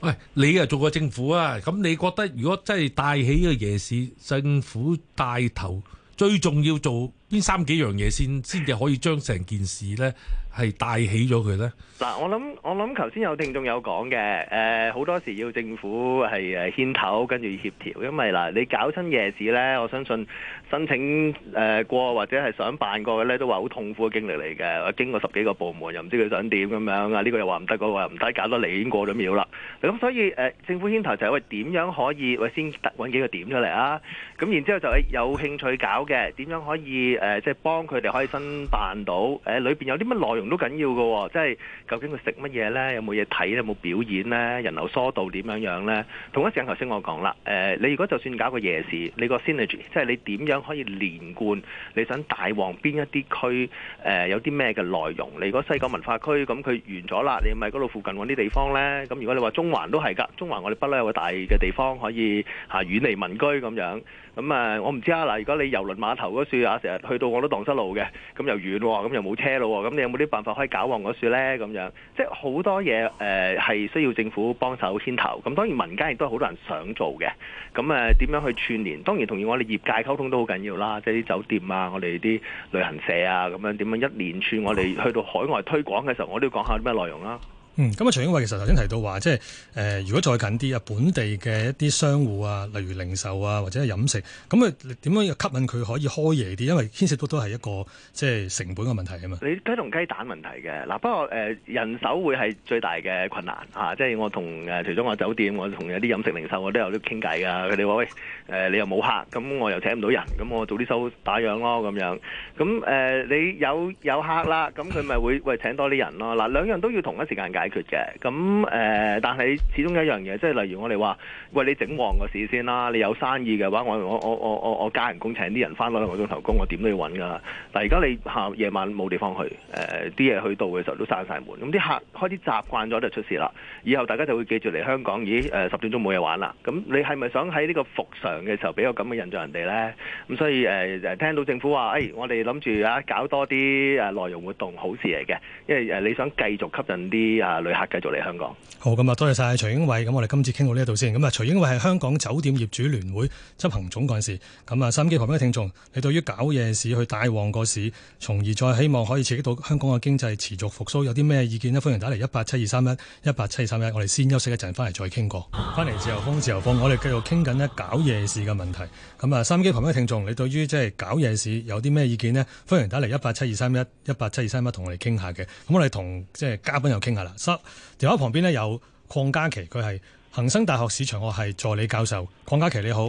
喂，你呀做過政府啊？咁你覺得如果真係帶起個夜市，政府帶頭最重要做？呢三幾樣嘢先先至可以將成件事呢係帶起咗佢呢？嗱、啊，我諗我諗頭先有聽眾有講嘅，誒、呃、好多時要政府係誒牽頭跟住協調，因為嗱你搞親夜市呢，我相信申請誒過、呃、或者係想辦過嘅呢，都話好痛苦嘅經歷嚟嘅。經過十幾個部門，又唔知佢想點咁樣啊？呢、這個又話唔得，嗰、那個話唔得，搞到你已經過咗秒啦。咁所以誒、呃、政府牽頭就係喂點樣可以，喂先揾幾個點出嚟啊？咁然之後就有興趣搞嘅點樣可以？誒，即係、呃就是、幫佢哋可以申辦到，誒、呃、裏面有啲乜內容都緊要嘅、哦，即係究竟佢食乜嘢呢？有冇嘢睇，有冇表演呢？人流疏導點樣樣呢？同一時間，頭先我講啦，誒、呃，你如果就算搞個夜市，你個 synergy，即係你點樣可以連貫？你想大旺邊一啲區？誒、呃，有啲咩嘅內容？你如果西九文化區咁佢完咗啦，你咪嗰度附近揾啲地方呢？咁如果你話中環都係㗎，中環我哋不嬲有個大嘅地方可以遠離民居咁樣。咁啊、呃，我唔知啊嗱，如果你遊輪碼頭嗰處啊，成日～去到我都蕩失路嘅，咁又遠喎、哦，咁又冇車咯喎、哦，咁你有冇啲辦法可以搞旺個市呢？咁樣即係好多嘢誒，係、呃、需要政府幫手牽頭。咁當然民間亦都係好多人想做嘅。咁點、呃、樣去串聯？當然，同樣我哋業界溝通都好緊要啦。即係啲酒店啊，我哋啲旅行社啊，咁樣點樣一連串，我哋去到海外推廣嘅時候，我都要講下啲咩內容啦、啊。嗯，咁啊，徐英偉其實頭先提到話，即係誒，如果再近啲啊，本地嘅一啲商戶啊，例如零售啊，或者係飲食，咁啊，點樣吸引佢可以開夜啲？因為牽涉到都係一個即係成本嘅問題啊嘛。你雞同雞蛋問題嘅，嗱，不過誒，人手會係最大嘅困難啊！即係我同誒，除咗我酒店，我同有啲飲食零售，我都有啲傾偈噶。佢哋話喂，誒，你又冇客，咁我又請唔到人，咁我早啲收打烊咯，咁樣。咁誒，你有有客啦，咁佢咪會喂請多啲人咯。嗱，兩樣都要同一時間噶。解決嘅咁誒，但係始終有一樣嘢，即係例如我哋話，喂，你整旺個市先啦，你有生意嘅話，我我我我我加人工請啲人返多兩個鐘頭工，我點都要搵㗎喇。但係而家你下夜晚冇地方去，誒啲嘢去到嘅時候都閂晒門，咁啲客開始習慣咗就出事啦。以後大家就會記住嚟香港，咦誒、呃、十點鐘冇嘢玩啦。咁你係咪想喺呢個復常嘅時候俾個咁嘅印象人哋呢？咁所以誒、呃、聽到政府話，誒、哎、我哋諗住啊搞多啲誒內容活動，好事嚟嘅，因為、呃、你想繼續吸引啲呃，旅客繼續嚟香港。好，咁、嗯、啊，多謝晒徐英偉。咁我哋今次傾到呢一度先。咁啊，徐英偉係香港酒店業主聯會執行總幹事。咁啊，收音機旁邊嘅聽眾，你對於搞夜市去帶旺個市，從而再希望可以刺激到香港嘅經濟持續復甦，有啲咩意見咧？歡迎打嚟一八七二三一，一八七二三一。我哋先休息一陣，翻嚟再傾過。翻嚟自由風，自由風，我哋繼續傾緊呢搞夜市嘅問題。咁啊，收音機旁邊嘅聽眾，你對於即係搞夜市有啲咩意見咧？歡迎打嚟一八七二三一，一八七二三一，同我哋傾下嘅。咁我哋同即係嘉賓又傾下啦。十電話旁邊咧，有鄺家麒，佢係恒生大學市場學系助理教授。鄺家麒你好，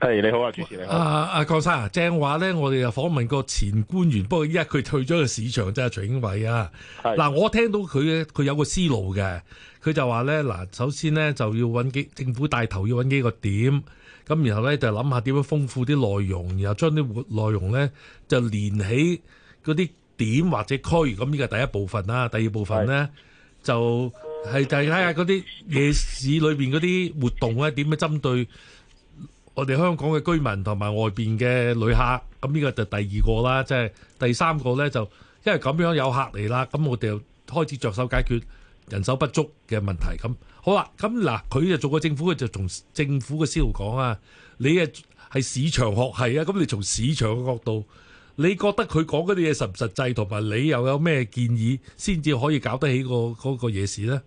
係、嗯、你好啊，主持你好啊，阿鄺、呃、生啊，正話咧，我哋又訪問過前官員，不過依家佢退咗個市場，即係徐英偉啊。嗱是，我聽到佢咧，佢有個思路嘅，佢就話咧，嗱，首先咧就要揾幾政府帶頭，要揾幾個點咁，然後咧就諗下點樣豐富啲內容，然後將啲活內容咧就連起嗰啲點或者區咁，呢個第一部分啦、啊，第二部分咧。就係睇下嗰啲夜市裏面嗰啲活動咧，點樣針對我哋香港嘅居民同埋外邊嘅旅客，咁呢個就第二個啦。即係第三個呢，就因為咁樣有客嚟啦，咁我哋又開始着手解決人手不足嘅問題。咁好啦，咁嗱，佢就做過政府，就從政府嘅思路講啊，你啊係市場學系啊，咁你從市場嘅角度。你覺得佢講嗰啲嘢實唔實際，同埋你又有咩建議，先至可以搞得起個嗰個夜市呢？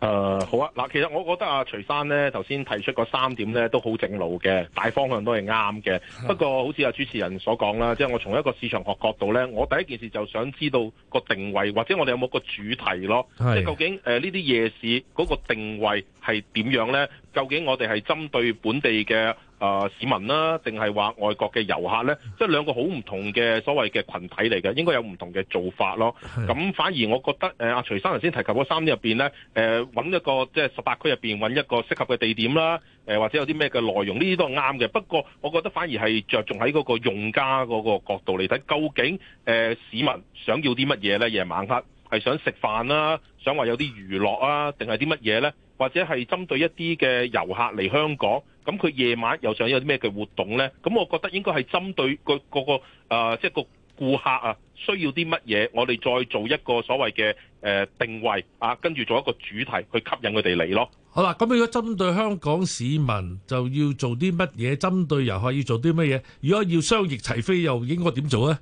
誒、呃，好啊，嗱，其實我覺得阿徐生呢，頭先提出嗰三點呢，都好正路嘅，大方向都係啱嘅。不過，好似阿主持人所講啦，即係我從一個市場學角度呢，我第一件事就想知道個定位，或者我哋有冇個主題咯？即係究竟誒呢啲夜市嗰個定位係點樣呢？究竟我哋係針對本地嘅？啊！市民啦，定係話外國嘅遊客咧，即係兩個好唔同嘅所謂嘅群體嚟嘅，應該有唔同嘅做法咯。咁反而我覺得，誒、呃、阿徐生頭先提及嗰三點入邊咧，誒、呃、揾一個即係十八區入邊揾一個適合嘅地點啦，誒、呃、或者有啲咩嘅內容，呢啲都係啱嘅。不過我覺得反而係着重喺嗰個用家嗰個角度嚟睇，究竟誒、呃、市民想要啲乜嘢咧？夜晚黑係想食飯啦，想話有啲娛樂啊，定係啲乜嘢咧？或者係針對一啲嘅遊客嚟香港，咁佢夜晚又想有啲咩嘅活動呢？咁我覺得應該係針對個個個啊，即係個顧客啊，需要啲乜嘢，我哋再做一個所謂嘅誒定位啊，跟住做一個主題去吸引佢哋嚟咯。好啦，咁如果針對香港市民就要做啲乜嘢？針對遊客要做啲乜嘢？如果要雙翼齊飛，又應該點做呢？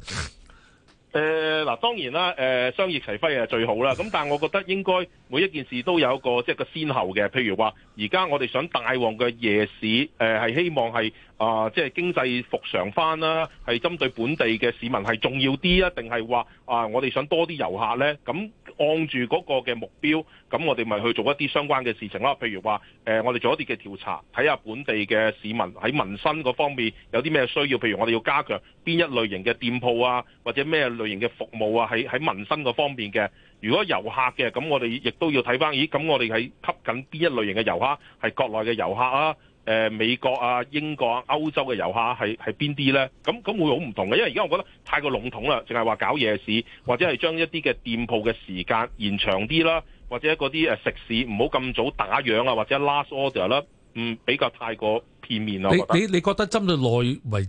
誒。嗱當然啦，誒商業齊輝係最好啦。咁但係我覺得應該每一件事都有一個即係、就是、個先後嘅。譬如話，而家我哋想大旺嘅夜市，誒、呃、係希望係啊，即、呃、係、就是、經濟復常返啦。係針對本地嘅市民係重要啲啊，定係話啊，我哋想多啲遊客咧。咁按住嗰個嘅目標，咁我哋咪去做一啲相關嘅事情咯。譬如話，誒、呃、我哋做一啲嘅調查，睇下本地嘅市民喺民生嗰方面有啲咩需要。譬如我哋要加強邊一類型嘅店鋪啊，或者咩類型嘅服務。冇啊，喺喺民生嗰方面嘅。如果遊客嘅，咁我哋亦都要睇翻。咦，咁我哋喺吸緊邊一類型嘅遊客？係國內嘅遊客啊，美國啊、英國啊、歐洲嘅遊客係係邊啲呢？咁咁會好唔同嘅。因為而家我覺得太過籠統啦，淨係話搞夜市或者係將一啲嘅店鋪嘅時間延長啲啦，或者嗰啲誒食肆唔好咁早打烊啊，或者 last order 啦，嗯，比較太過片面咯。你你你覺得針對內圍？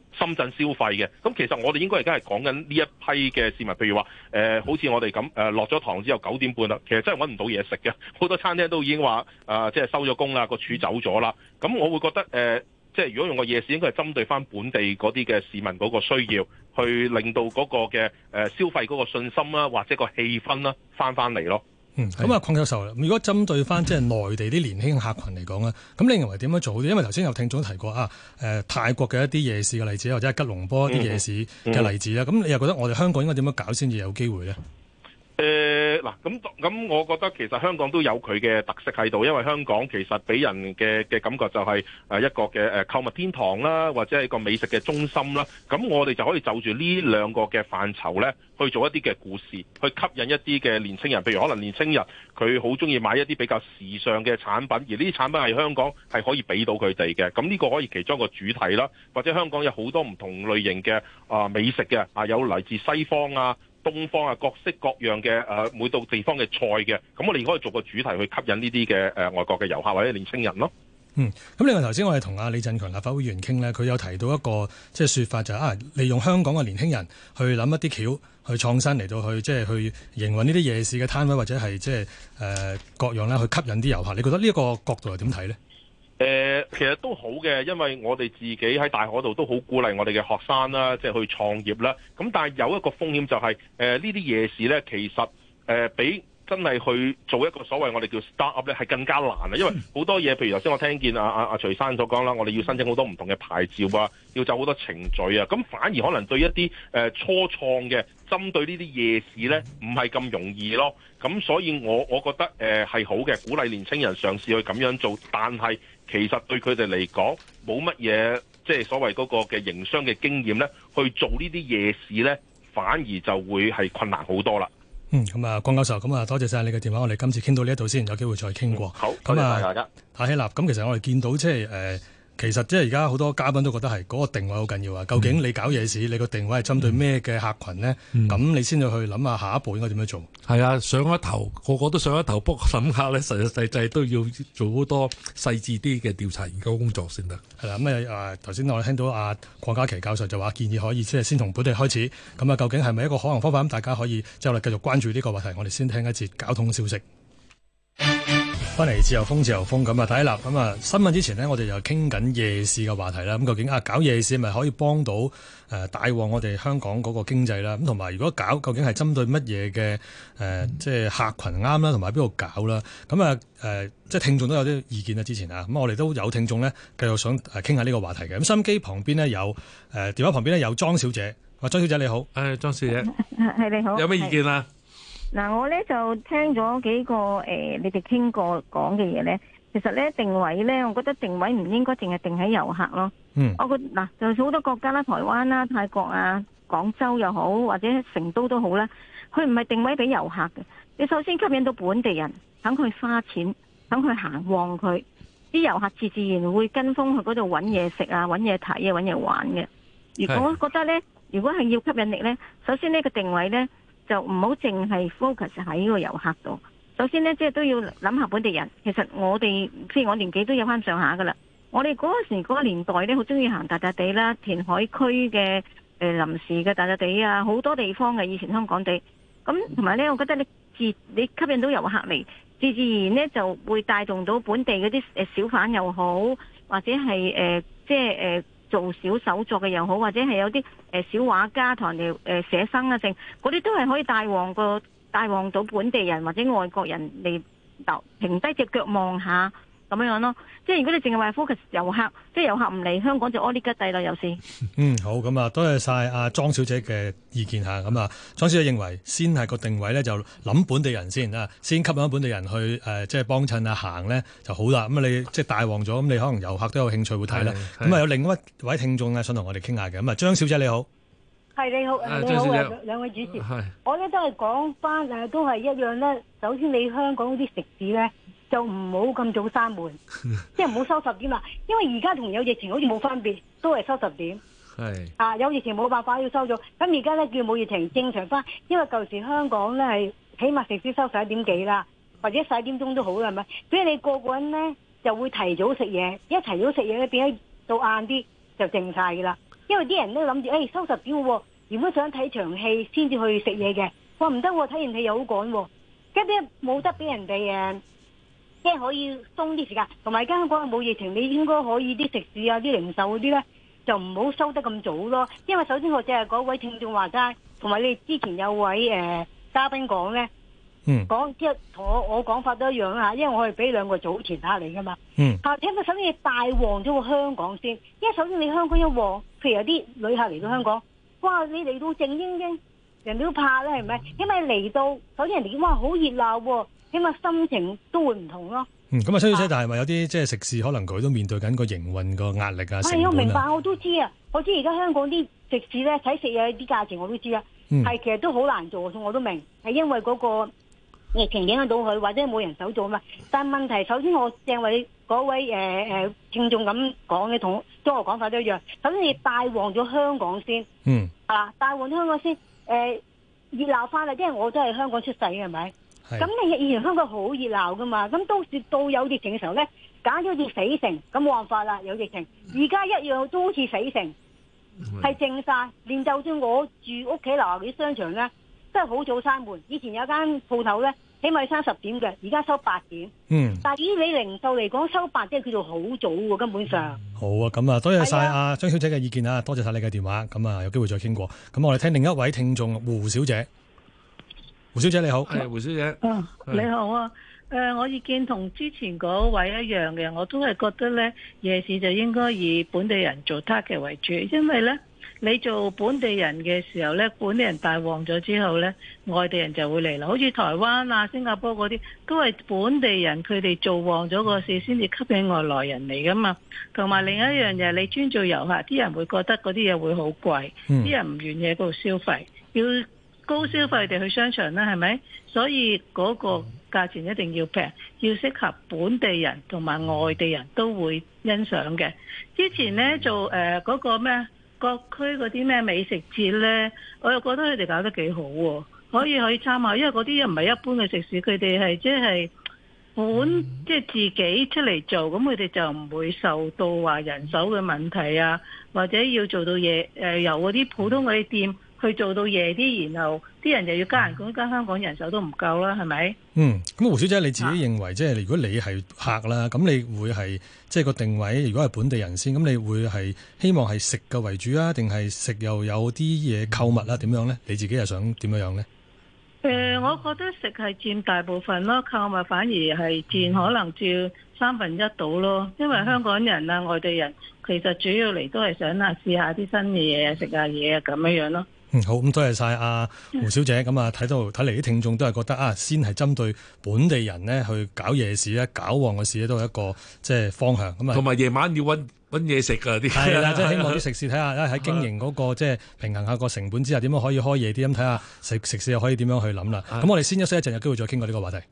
深圳消費嘅，咁其實我哋應該而家係講緊呢一批嘅市民，譬如話，誒，好似我哋咁，誒，落咗堂之後九點半啦，其實真係揾唔到嘢食嘅，好多餐廳都已經話，啊，即係收咗工啦，個廚走咗啦。咁我會覺得，誒，即係如果用個夜市，應該係針對翻本地嗰啲嘅市民嗰個需要，去令到嗰個嘅誒消費嗰個信心啦，或者個氣氛啦，翻翻嚟咯。嗯，咁啊、嗯，鄺教授，如果針對翻即係內地啲年輕客群嚟講咧，咁你認為點樣做好啲？因為頭先有聽眾提過啊，誒、呃、泰國嘅一啲夜市嘅例子，或者係吉隆坡一啲夜市嘅例子咁、嗯嗯、你又覺得我哋香港應該點樣搞先至有機會呢？誒嗱，咁咁、嗯，我覺得其實香港都有佢嘅特色喺度，因為香港其實俾人嘅嘅感覺就係誒一個嘅誒購物天堂啦，或者係一個美食嘅中心啦。咁我哋就可以就住呢兩個嘅範疇呢去做一啲嘅故事，去吸引一啲嘅年青人。譬如可能年青人佢好中意買一啲比較時尚嘅產品，而呢啲產品係香港係可以俾到佢哋嘅。咁呢個可以其中一個主題啦，或者香港有好多唔同類型嘅啊美食嘅啊，有嚟自西方啊。東方啊，各式各樣嘅誒，每度地方嘅菜嘅，咁我哋可以做個主題去吸引呢啲嘅誒外國嘅遊客或者年青人咯。嗯，咁另外頭先我哋同阿李鎮強立法會議員傾咧，佢有提到一個即係説法就係、是、啊，利用香港嘅年輕人去諗一啲橋去創新嚟到去即係、就是、去營運呢啲夜市嘅攤位或者係即係誒各樣呢去吸引啲遊客。你覺得呢一個角度又點睇呢？誒其實都好嘅，因為我哋自己喺大學度都好鼓勵我哋嘅學生啦，即係去創業啦。咁但係有一個風險就係，誒呢啲夜市咧，其實誒比。真係去做一個所謂我哋叫 start up 咧，係更加難啊！因為好多嘢，譬如頭先我聽見啊啊阿徐生所講啦，我哋要申請好多唔同嘅牌照啊，要走好多程序啊，咁反而可能對一啲誒初創嘅針對呢啲夜市咧，唔係咁容易咯。咁所以我我覺得誒係好嘅，鼓勵年青人嘗試去咁樣做，但係其實對佢哋嚟講冇乜嘢，即係所謂嗰個嘅營商嘅經驗咧，去做呢啲夜市咧，反而就會係困難好多啦。嗯，咁啊、嗯，鄺教授，咁啊，多謝晒你嘅電話，我哋今次傾到呢一度先，有機會再傾過、嗯。好，咁那啊，大家，阿希立，咁其實我哋見到即係誒。呃其實即係而家好多嘉賓都覺得係嗰、那個定位好緊要啊！究竟你搞夜市，嗯、你個定位係針對咩嘅客群呢？咁、嗯、你先至去諗下下一步應該點樣做？係啊，上一頭個個都上一頭不過諗下呢，實實際際都要做好多細緻啲嘅調查研究工作先得、啊。係啦、啊，咁啊頭先我聽到阿鄺家麒教授就話建議可以即係先從本地開始。咁啊，究竟係咪一個可行方法？咁大家可以即係我哋繼續關注呢個話題。我哋先聽一次交通消息。嗯。翻嚟自由風，自由風。咁啊，第一粒咁啊，新聞之前呢，我哋就傾緊夜市嘅話題啦。咁究竟啊，搞夜市咪可以幫到誒，帶旺我哋香港嗰個經濟啦？咁同埋，如果搞，究竟係針對乜嘢嘅誒？即係客群啱啦，同埋喺邊度搞啦？咁啊誒，即係聽眾都有啲意見啊。之前啊，咁我哋都有聽眾咧，繼續想誒傾下呢個話題嘅。咁收音機旁邊呢，有誒，電話旁邊呢，有莊小姐。啊，莊小姐你好。誒、哎，莊小姐。係 你好。有咩意見啊？嗱，我咧就聽咗幾個誒、呃，你哋傾過講嘅嘢咧，其實咧定位咧，我覺得定位唔應該淨係定喺遊客咯。嗯。我嗱，就好、是、多國家啦，台灣啦、啊、泰國啊、廣州又好，或者成都都好啦，佢唔係定位俾遊客嘅。你首先吸引到本地人，等佢花錢，等佢行旺佢，啲遊客自自然會跟風去嗰度搵嘢食啊，搵嘢睇啊，搵嘢玩嘅。如果我覺得咧，是如果係要吸引力咧，首先呢個定位咧。就唔好淨係 focus 喺呢個遊客度。首先呢，即係都要諗下本地人。其實我哋即係我年紀都有翻上下噶啦。我哋嗰陣時嗰個年代呢，好中意行大笪地啦，填海區嘅、呃、臨時嘅大笪地啊，好多地方嘅以前香港地。咁同埋呢，我覺得你自你吸引到遊客嚟，自自然呢就會帶動到本地嗰啲小販又好，或者係、呃、即係、呃做小手作嘅又好，或者係有啲小畫家同人哋寫生啊，剩嗰啲都係可以帶旺個帶旺到本地人或者外國人嚟停低隻腳望下。咁樣咯，即係如果你淨係話 focus 遊客，即係遊客唔嚟香港就屙呢 l i 啦有先。嗯，好，咁啊，多謝晒阿莊小姐嘅意見下，咁啊，莊小姐認為先係個定位咧，就諗本地人先啊，先吸引本地人去誒、呃就是啊，即係幫襯啊行咧就好啦。咁啊，你即係大旺咗，咁你可能遊客都有興趣會睇啦。咁啊，有另外一位聽眾咧想同我哋傾下嘅，咁啊，張小姐你好，係你好，啊、你好兩位主持，啊、我咧都係講翻誒，都係一樣咧。首先你香港嗰啲食肆咧。就唔好咁早閂門， 即係唔好收十點啦。因為而家同有疫情，好似冇分別，都係收十點。係 啊，有疫情冇辦法要收咗。咁而家咧叫冇疫情正常翻，因為舊時香港咧係起碼食宵收十一點幾啦，或者十一點鐘都好啦，係咪？所以你個個人咧就會提早食嘢，一提早食嘢咧，變咗到晏啲就靜晒噶啦。因為啲人都諗住誒收十點喎，如果想睇場戲先至去食嘢嘅，話唔得，喎，睇完戲又好趕、啊，咁啲冇得俾人哋即係可以鬆啲時間，同埋而家香港冇疫情，你應該可以啲食肆啊、啲零售嗰啲咧，就唔好收得咁早咯。因為首先我正係嗰位聽眾話齋，同埋你之前有位誒、呃、嘉賓講咧，講即係同我我講法都一樣啊，因為我可以俾兩個組前打嚟噶嘛。吓、嗯、聽到首先你大旺咗個香港先，因為首先你香港一旺，譬如有啲旅客嚟到香港，哇！你嚟到正英英人都怕咧，係咪？因為嚟到首先人哋點話好熱鬧喎、哦。起碼心情都會唔同咯。嗯，咁啊，崔小姐，但係咪有啲即係食肆可能佢都面對緊個營運個壓力啊？係、啊啊啊，我明白，我都知啊，我知而家香港啲食肆咧睇食嘢啲價錢我都知啊，係、嗯、其實都好難做，我都明係因為嗰、那個疫情、呃、影響到佢，或者冇人手做嘛。但係問題首先，我正為嗰位誒誒聽眾咁講嘅同中學講法都一樣。首先,你先帶旺咗香港,、嗯啊、香港先，嗯、呃，係啦，帶旺香港先，誒熱鬧化嚟，即係我都係香港出世嘅，係咪？咁你以前香港好熱鬧噶嘛？咁到時到有疫情嘅時候咧，簡直好似死城，咁冇辦法啦。有疫情，而家一樣都好似死城，係、mm hmm. 靜晒。連就算我住屋企樓下嗰啲商場咧，都係好早閂門。以前有間鋪頭咧，起碼三十點嘅，而家收八點。嗯、mm，hmm. 但係以你零售嚟講，收八即係叫做好早喎，根本上。好啊，咁啊，多謝晒阿張小姐嘅意見啊，多謝晒你嘅電話。咁啊，有機會再傾過。咁我哋聽另一位聽眾胡小姐。胡小姐你好，係胡小姐。你好啊。誒、啊啊呃，我意見同之前嗰位一樣嘅，我都係覺得咧，夜市就應該以本地人做 target 為主，因為咧，你做本地人嘅時候咧，本地人帶旺咗之後咧，外地人就會嚟啦。好似台灣啊、新加坡嗰啲，都係本地人佢哋做旺咗個事，先至吸引外來人嚟噶嘛。同埋另一樣嘢，你專做遊客，啲人會覺得嗰啲嘢會好貴，啲、嗯、人唔願意喺嗰度消費。要高消費地去商場啦，係咪？所以嗰個價錢一定要平，要適合本地人同埋外地人都會欣賞嘅。之前呢，做誒嗰、呃那個咩，各區嗰啲咩美食節呢，我又覺得佢哋搞得幾好喎、啊，可以去參考。因為嗰啲又唔係一般嘅食肆，佢哋係即係本即係、嗯、自己出嚟做，咁佢哋就唔會受到話人手嘅問題啊，或者要做到嘢誒、呃，由嗰啲普通啲店。佢做到夜啲，然後啲人又要加人工，加香港人手都唔夠啦，係咪？嗯，咁胡小姐你自己認為，即係、啊、如果你係客啦，咁你會係即係個定位，如果係本地人先，咁你會係希望係食嘅為主啊，定係食又有啲嘢購物啦，點樣呢？你自己又想點樣呢？咧、呃？我覺得食係佔大部分咯，購物反而係佔可能佔三分一到咯，因為香港人啊、外地人其實主要嚟都係想啊試下啲新嘅嘢，食下嘢啊咁樣樣咯。嗯，好，咁多謝晒阿胡小姐，咁啊睇到睇嚟啲聽眾都係覺得啊，先係針對本地人呢去搞夜市咧，搞旺個市都係一個即係方向咁啊。同埋夜晚要揾嘢食噶啲，係啦即係希望啲食肆睇下，喺經營嗰、嗰個即係 平衡下個成本之下，點樣可以開夜啲咁睇下食食肆又可以點樣去諗啦。咁 我哋先休息一陣，有機會再傾過呢個話題。